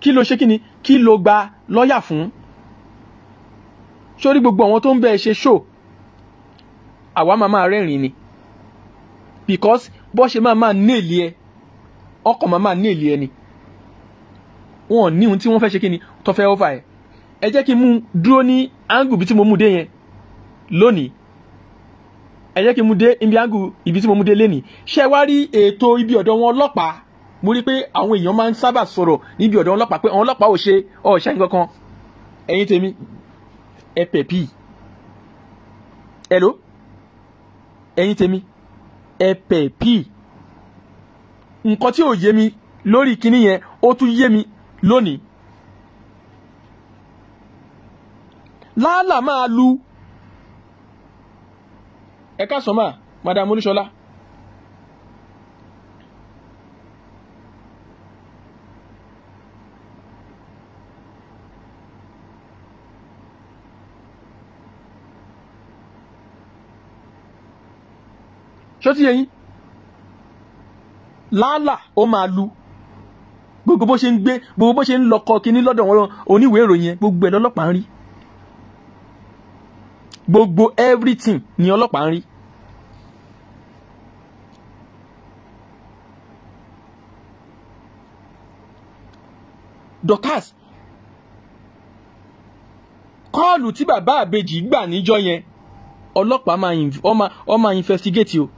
Speaker 1: kí ló ṣe kí ni kí ló gba lọ́ọ̀yà fún sórí gbogbo àwọn tó ń bẹ́ẹ̀ ṣe ṣó àwa máa máa rẹ́rìn-ín ni because bó ṣe máa máa nílé ẹ ọkọ̀ máa máa nílé ẹ ni wọn ò ní ohun tí wọ́n fẹ́ ṣe kí ni tó fẹ́ ọ́fà ẹ̀ ẹ jẹ́ kí n mú dúró ní áńgù bí tí mo mú dé yẹn lónìí ẹ jẹ́ kí n mú dé ibi áńgù ibi tí mo mú dé lénìí ṣé wá rí ètò ibi ọ̀dọ̀ wọn ọlọ́pàá mo rí pé àwọn èèyàn máa ń sábà sọ̀rọ̀ níbi ọ̀dọ̀ ọlọ́pàá pé àwọn ọlọ́pàá ò ṣe ọ̀ṣẹ́ nǹkan kan tèmi ẹ pẹ̀ pì ẹ̀ ló ẹ̀yin tèmi ẹ̀pẹ̀ pì nǹkan tí ò yé mi lórí kinní yẹn ó tún yé mi lónìí láàlà máa lu ẹ̀ka sọ́mà madam oníṣọlá. ṣó ti yẹ yín làálà ó máa lu gbogbo bó ṣe ń gbé gbogbo bó ṣe ń lọkọ kínní lọ́dọ̀ wọn oníwèé ìròyìn yẹn gbogbo ẹ̀ lọ́lọ́pàá ń rí gbogbo everything ni ọlọ́pàá ń rí. Dorkas kọ́ọ̀lù tí bàbá àbejì gbà níjọ́ yẹn ọlọ́pàá máa investigate o.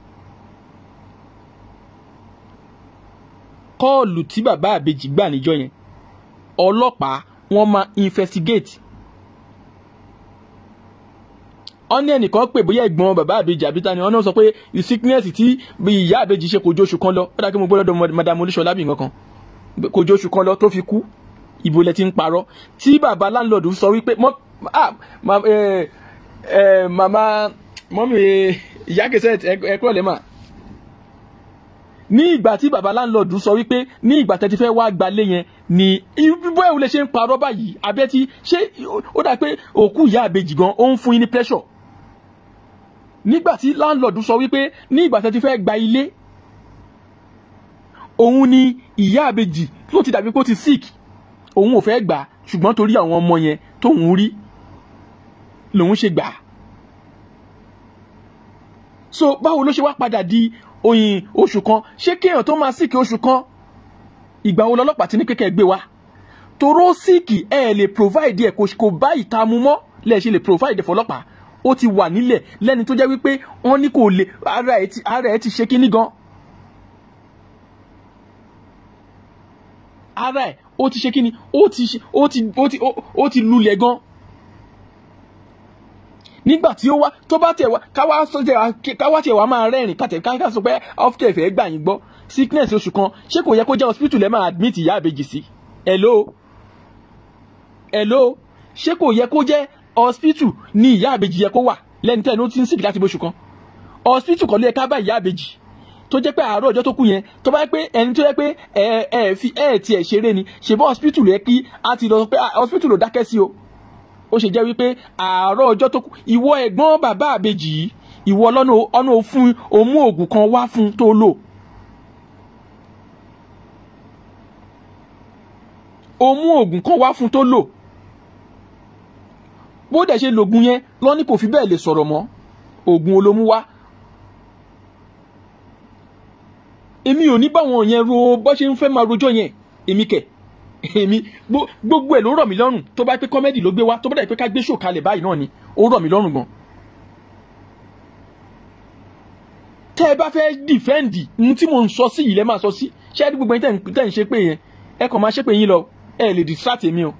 Speaker 1: kọ́ọ̀lù tí bàbá àbèjì gbà níjọ yẹn ọlọ́pàá wọ́n máa investigate wọ́n ní ẹnìkan pè bóyá ẹ̀gbọ́n bàbá àbèjì àbíta ni wọ́n náà sọ pé the sickness tí ìyá àbèjì ṣe kò ju oṣù kan lọ ó dà kí mo gbọ́ lọ́dọ̀ madam olúṣọlá bí nǹkan kan kò oṣù kan lọ tó fi kú ìbò lẹ ti ń parọ́ tí bàbá láńlọ́ọ̀dù sọ wípé eh, eh, mọ́mí ìyá kẹsẹ̀ ẹ̀kọ́ lẹ́mà ní ìgbà tí baba láńlọ́ọ̀dù sọ wípé ní ìgbà tẹ́tí fẹ́ wá gbalé yẹn ni bó ẹ̀wù lè ṣe ń parọ́ báyìí abẹ́tí ṣé ó dà pé òkú ìyá àbejì gan ó ń fún yín ní pressure nígbà tí láńlọ́ọ̀dù sọ wípé ní ìgbà tẹ́tí fẹ́ gba ilé òun ni ìyá àbejì tó ti dàbí pé ó ti sick òun ò fẹ́ gbà ṣùgbọ́n torí àwọn ọmọ yẹn tóun rí lòun ṣe gbà so báwo ló ṣe wá padà di oyin oṣù kan ṣé kéèyàn tó máa síkì oṣù kan ìgbà wo lọ́lọ́pàá ti ní kékeré gbé wa toró síkì ẹ lè provide ẹ kò bá ìtamu mọ́ lẹ́ẹ̀ ṣe lè provide fọlọ́pàá ó ti wà nílẹ̀ lẹ́ni tó jẹ́ wípé wọ́n ní kò lè ara ẹ̀ ti ṣe kíní gan. ara ẹ̀ ó ti ṣe kíní ó ti lulẹ̀ gan nígbà tí ó wá tó bá tẹ̀ wá káwá tẹ̀ wá máa rẹ́rìn kàtẹ̀ ká sọ pé ọ́fíìsì ẹ̀fẹ̀ gbà yín gbọ́ sickness oṣù kan ṣé kò yẹ kó jẹ́ hospital lẹ́ máa admit ìyá àbèjì sí hello hello ṣé kò yẹ kó jẹ́ hospital ní ìyá àbèjì yẹ kó wà lẹ́ni tẹ́ ló ti ń sìnkì láti bóṣù kan hospital kọ́ ló yẹ ká bá ìyá àbèjì tó jẹ́ pé àárọ̀ ọjọ́ tó kù yẹn tó bá yẹ pé ẹni tó yẹ pé ẹ ẹ fi ẹ tiẹ̀ ṣeré ni ṣèbọ̀ hospital yẹ kí a ti lọ pé ah, hospital ló dákẹ́ sí o ó ṣe jẹ́ wípé àárọ̀ ọjọ́ tó kù ìwọ ẹ̀gbọ́n bàbá àbejì yìí ìwọ lọ́nà ọ̀nà òfun òmú oògùn kan wá fún tó lò òmú oògùn kan wá fún tó lò bó dẹ̀ ṣe lògùn yẹn lọ́ní kò fi bẹ́ẹ̀ lè sọ̀rọ̀ mọ́ oògùn olómú wá èmi ò ní báwọn yẹn ro bó ṣe ń fẹ́ máa rojọ́ yẹn èmi kẹ̀ èmi gbogbo ẹ̀ ló rọ̀ mí lọ́rùn tó bá pé kọ́mẹ́dì ló gbé wá tó bá dẹ̀ pé ká gbé ṣò kalẹ̀ báyìí náà ni ó rọ̀ mí lọ́rùn gan. tẹ́ ẹ bá fẹ́ dìfẹ́ǹdì ní tí mo ń sọ sí yìí lẹ́ máa sọ sí ṣé ẹ gbogbo yín tẹ̀ ń ṣe pé yẹn ẹ kàn máa ṣe pé yín lọ ẹ lè distract èmi o.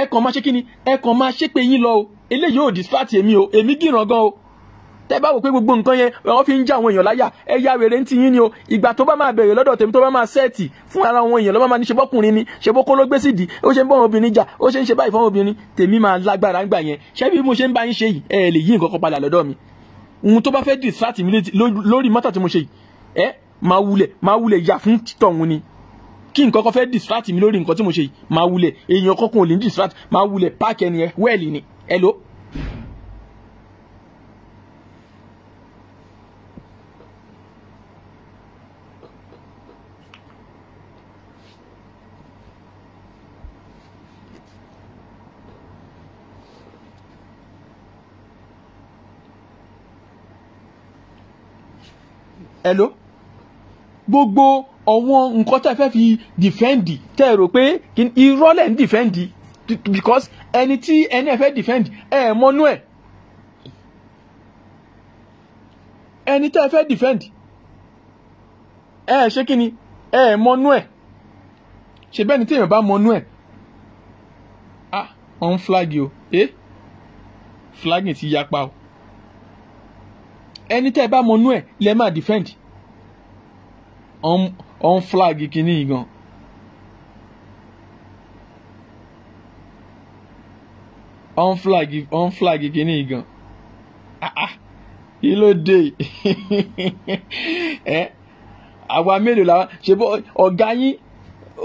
Speaker 1: ẹ kàn máa ṣe kí ni ẹ kàn máa ṣe pé yín lọ o eléyìí ò distract èmi o èmi gìràn gan o tẹ́ bá wò pé gbogbo nǹkan yẹn wọ́n fi ń já àwọn èèyàn láyà ẹ ya wèrè ń ti yín ni o ìgbà tó bá máa bẹ̀rẹ̀ lọ́dọ̀ tèmi tó bá máa sẹ́ẹ̀tì fún ara àwọn èèyàn ló máa ní ṣe bọ́kùnrin ni ṣe bó kó ló gbé sí di ó ṣe ń bọ́ àwọn obìnrin jà ó ṣe ń ṣe báyìí fún obìnrin tèmi máa lágbára ń gbà yẹn ṣé bí mo ṣe ń bá yín ṣe yìí ẹ lè yí nǹkan kan padà lọ́dọ̀ mi ohun tó bá fẹ́ distract mi lórí mọ́tà tí mo ṣe yìí ẹ máa wulẹ̀ máa wulẹ̀ yà fún tọ̀hún ni kí nǹkan kan fẹ́ distract mi lórí nǹkan tí mo ṣe yìí máa wulẹ̀ èèyàn kankan ò lè distract máa wulẹ̀ páàkì ẹni ẹ wẹ́ẹ̀lì ni ẹ lóò hello gbogbo àwọn nǹkan tẹ́ fẹ́ fi dìfẹ́ǹdì tẹ́ rò pé irọ́ lẹ̀ ń dìfẹ́ǹdì because ẹni tí ẹni ẹ fẹ́ dìfẹ́ǹdì ẹ mọ́nú ẹ̀ ẹni tẹ́ fẹ́ dìfẹ́ǹdì ẹ ṣé kí ni ẹ mọ́nú ẹ̀ ṣe bẹ́ẹ̀ ni tí èèyàn bá mọ́nú ẹ̀ ah on flag o eh flag flagging ti yapa o ẹni tẹ́ ẹ bá mọnú ẹ̀ lẹ́ẹ̀ máa defend on flag kìíní yìí gan. on flag on flag kìíní yìí gan. ah ah yìí ló dé ẹ eh, àwa mélòó la. ṣe bọ ọ̀gá yín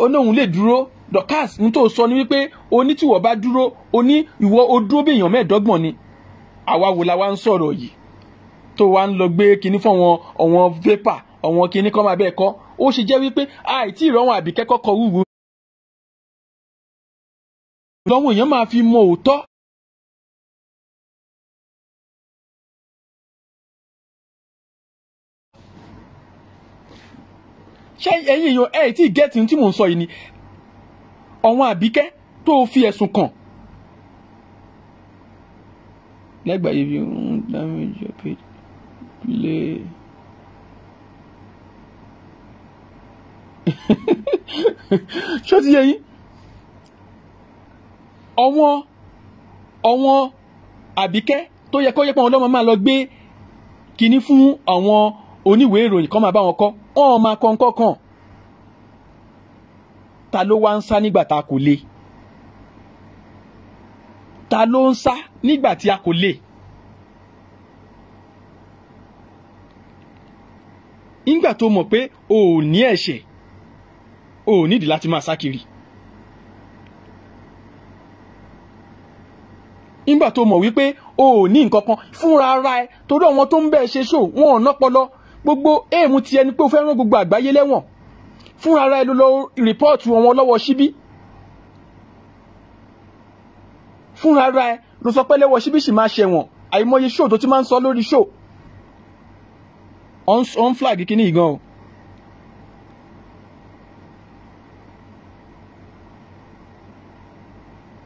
Speaker 1: onóhun lè dúró Dorkas n tó sọ ni wípé onítìwọ̀ bá dúró oní ìwọ odúró bí èèyàn mẹ́ẹ̀ẹ́dọ́gbọ̀n ni àwa wò la wá ń sọ̀rọ̀ yìí tó wá ń lọ gbé kinní fún àwọn àwọn vépà
Speaker 2: àwọn kinní kan máa bẹ́ẹ̀ kọ́ ó ṣe jẹ́ wípé àìtí ìrọ̀rùn àbíkẹ́ kọ́kọ́ wúwo lọ́wọ́ èèyàn máa fi mọ òótọ́ ṣé ẹ̀yin èèyàn ẹ̀ tí gẹ́ẹ̀tì tí mò ń sọ yìí ni
Speaker 1: ọ̀wọ́n àbíkẹ́ tó o fi ẹ̀sùn kàn. lẹ́gbàá yìí ń dáhùn ìjọba ètò lé. ṣé ó ti yẹ yín ọwọ́n ọwọ́n àbíkẹ́ tó yẹ kó yẹ pé àwọn ọlọ́mọ máa lọ gbé kinní fún àwọn oníwèé ìròyìn kan máa bá wọn kọ́ wọn máa kọ́ nǹkan kan ta ló wá ń sá nígbà tá a kò lè ta ló ń sá nígbà tí a kò lè. ńgbà tó mọ̀ pé o ò ní ẹ̀ṣẹ̀ o ò nídìí láti máa sákiri ńgbà tó mọ̀ wípé o ò ní nǹkan kan fúnra ara ẹ torí àwọn tó ń bẹ́ẹ̀ ṣe ṣò wọn ò nọ́pọlọ gbogbo èèmù ti ẹni pé o fẹ́ rán gbogbo àgbáyé lẹ́wọ̀n fúnra ara ẹ ló lọ rìpọ́ọ̀tù wọn lọ́wọ́ síbí fúnra ara ẹ ló sọ pé lẹ́wọ́ síbí sì máa ṣẹ̀wọ̀n àìmọye ṣò tó ti máa ń sọ lórí ṣò on flag kí ni yìí gan o.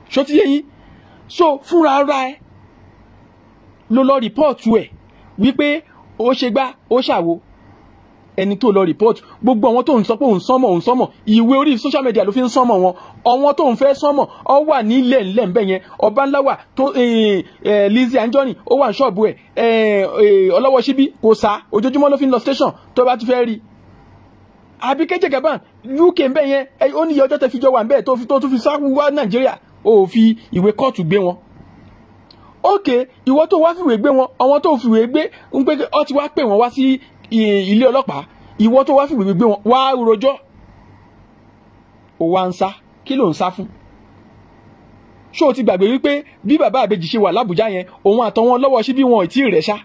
Speaker 1: ṣó ti yín so fúnra ara ẹ ló lọ rìpọ́ọ̀tù ẹ̀ wípé ó ṣe gbá ó ṣàwo ẹni tó lọ report gbogbo àwọn tó ń sọ pé òun sánmọ̀ òun sánmọ̀ ìwé orí social media ló fi ń sánmọ̀ wọn àwọn tó ń fẹ́ sánmọ̀ ọ wà nílẹ̀ ńlẹ̀ ńbẹ̀ yẹn ọba ńlá wà tó eh, eh, Lizzy Anjorin ó wà ní ṣọ́ọ̀bù ẹ̀ eh, ọlọ́wọ́ síbí kò sá ojoojúmọ́ ló fi ń lọ station tó bá ti fẹ́ rí àbí kéjẹ gàbán UK ńbẹ̀ yẹn ó níyẹ ọjọ́ tẹ fi jọ wà ńbẹ̀ tó tún fi sá wá Nàìjíríà ó fi ìwé kóòtù gbé wọn ok ìwọ tó wá fìwé gbé wọn àwọn tó fìwé gbé ń pé ọ ti wá pè wọn wá sí ilé ọlọ́pàá ìwọ tó wá fìwé gbé wọn wá rojọ́ ò wá ń sá kí ló ń sá fún ṣó o ti gbàgbé wípé bí bàbá àbejì ṣe wà lábùjá yẹn òun àtọwọn lọ́wọ́ sí bí wọn ò tí ì rẹ̀ ṣá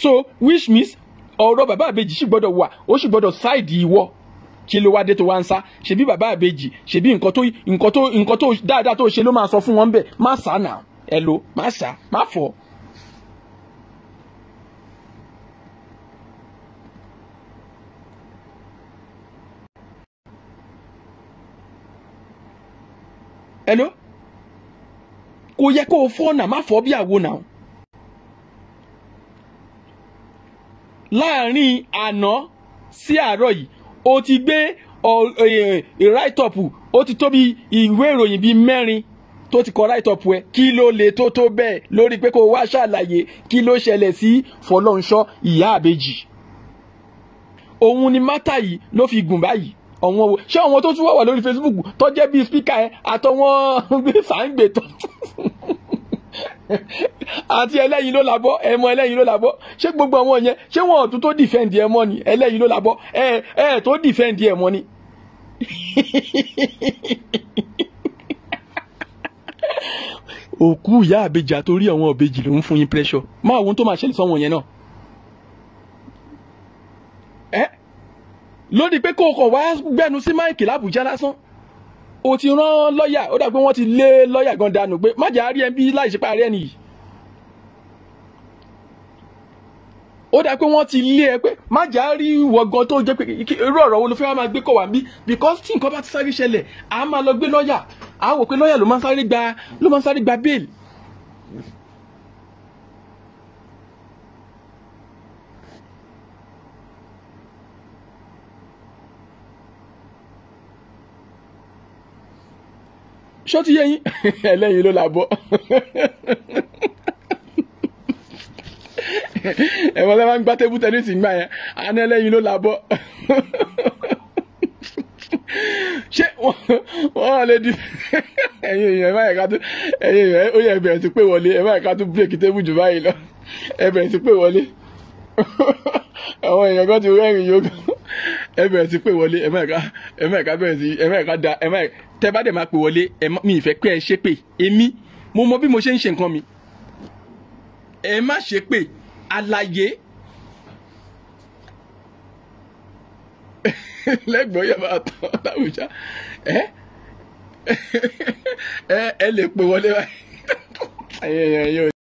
Speaker 1: so which means ọ̀rọ̀ bàbá àbejì sì gbọ́dọ̀ wà ó sì gbọ́dọ̀ ṣáìdì ìwọ ṣe ló wá dé tó wá ń sá ṣebí bàbá àbejì ṣebí nǹkan tó nǹkan tó nǹkan tó dáadáa tó ṣe ló máa sọ fún wọn bẹ́ẹ̀ má sá nà ẹ lo má sá má fọ́. hello kò yẹ kó o fọ́ náà má fọ́ bí àwo náà láàrin àná sí àárọ̀ yìí o ti gbé write up o ti tó bí ìwé ìròyìn bíi mẹ́rin tó ti kọ write up ẹ kí ló lè tó tó bẹ́ẹ̀ lórí pé kó o wá ṣàlàyé kí ló ṣẹlẹ̀ sí Fọlọ́runṣọ́ ìyá àbèjì òun ni mátà yìí ló fi gùn báyìí ọ̀wọ́n wo ṣé àwọn tó tún wà wà lórí Facebook tó jẹ́ bíi spíkà ẹ àtọwọ́n gbé sàǹgbè tó àti ẹlẹ́yin ló labọ́ ẹmọ ẹlẹ́yin ló labọ́ ṣé gbogbo àwọn yẹn ṣé wọn ọ̀tún tó dìfẹ́ǹdì ẹ mọ́ ni ẹlẹ́yin ló labọ́ ẹ ẹ tó dìfẹ́ǹdì ẹ mọ́ ni. òkú ìyá àbèjà torí àwọn òbejì ló ń fún yín pressure máa wo ohun tó máa ṣẹlẹ̀ sọ́wọ́n yẹn náà. lórí pé kó o kọ̀ wá gbẹnu sí máìkì lábùjá lásán o ti rán lọ́ọ̀yà ó dà pé wọ́n ti lé lọ́ọ̀yà gan dànù pé má jẹ́ àárí ẹbí láì ṣe parí ẹni yìí ó dà pé wọ́n ti lé ẹ pé má jẹ́ àárí ìwọ gan tó jẹ́ pé irú ọ̀rọ̀ wo ló fẹ́ wá máa gbé kọ̀ wá bí because tí nǹkan bá ti sáré ṣẹlẹ̀ à á máa lọ gbé lọ́ọ̀yà à á wò pé lọ́ọ̀yà ló máa sáré gba ló máa sáré gba bẹ́ẹ̀lì ṣó ti yé yín ẹlẹ́yin ló la bọ́ ẹ̀wọ̀n lẹ́wọ̀n gbá tébù tẹ́nísì gbà yẹn àná ẹlẹ́yin ló la bọ́ ṣé wọ́n lè di ẹ̀yin èèyàn ẹ̀ má yẹ ká tún ẹ̀yin èèyàn ó yẹ ẹ bẹ̀rẹ̀ sí pé wọlé ẹ̀ má yẹ ká tún bírèkì tébù jù báyìí lọ ẹ bẹ̀rẹ̀ sí pé wọlé àwọn èèyàn kan ti rẹ́rìn yóò ẹ bẹ̀rẹ̀ sí pé wọlé ẹ̀ má yẹ ká bẹ̀rẹ̀ sí ẹ̀ má yẹ ká da ẹ̀ má yẹ tẹ bá dẹ̀ máa pè wọlé ẹ mi ìfẹ́ pé ẹ ṣe pé èmi mo mọ bí mo ṣe ń ṣe nǹkan mi ẹ má ṣe pé àlàyé lẹ́gbọ̀ọ́ yẹn máa tán
Speaker 2: láwùjá ẹ ẹ lè pè wọlé báyìí.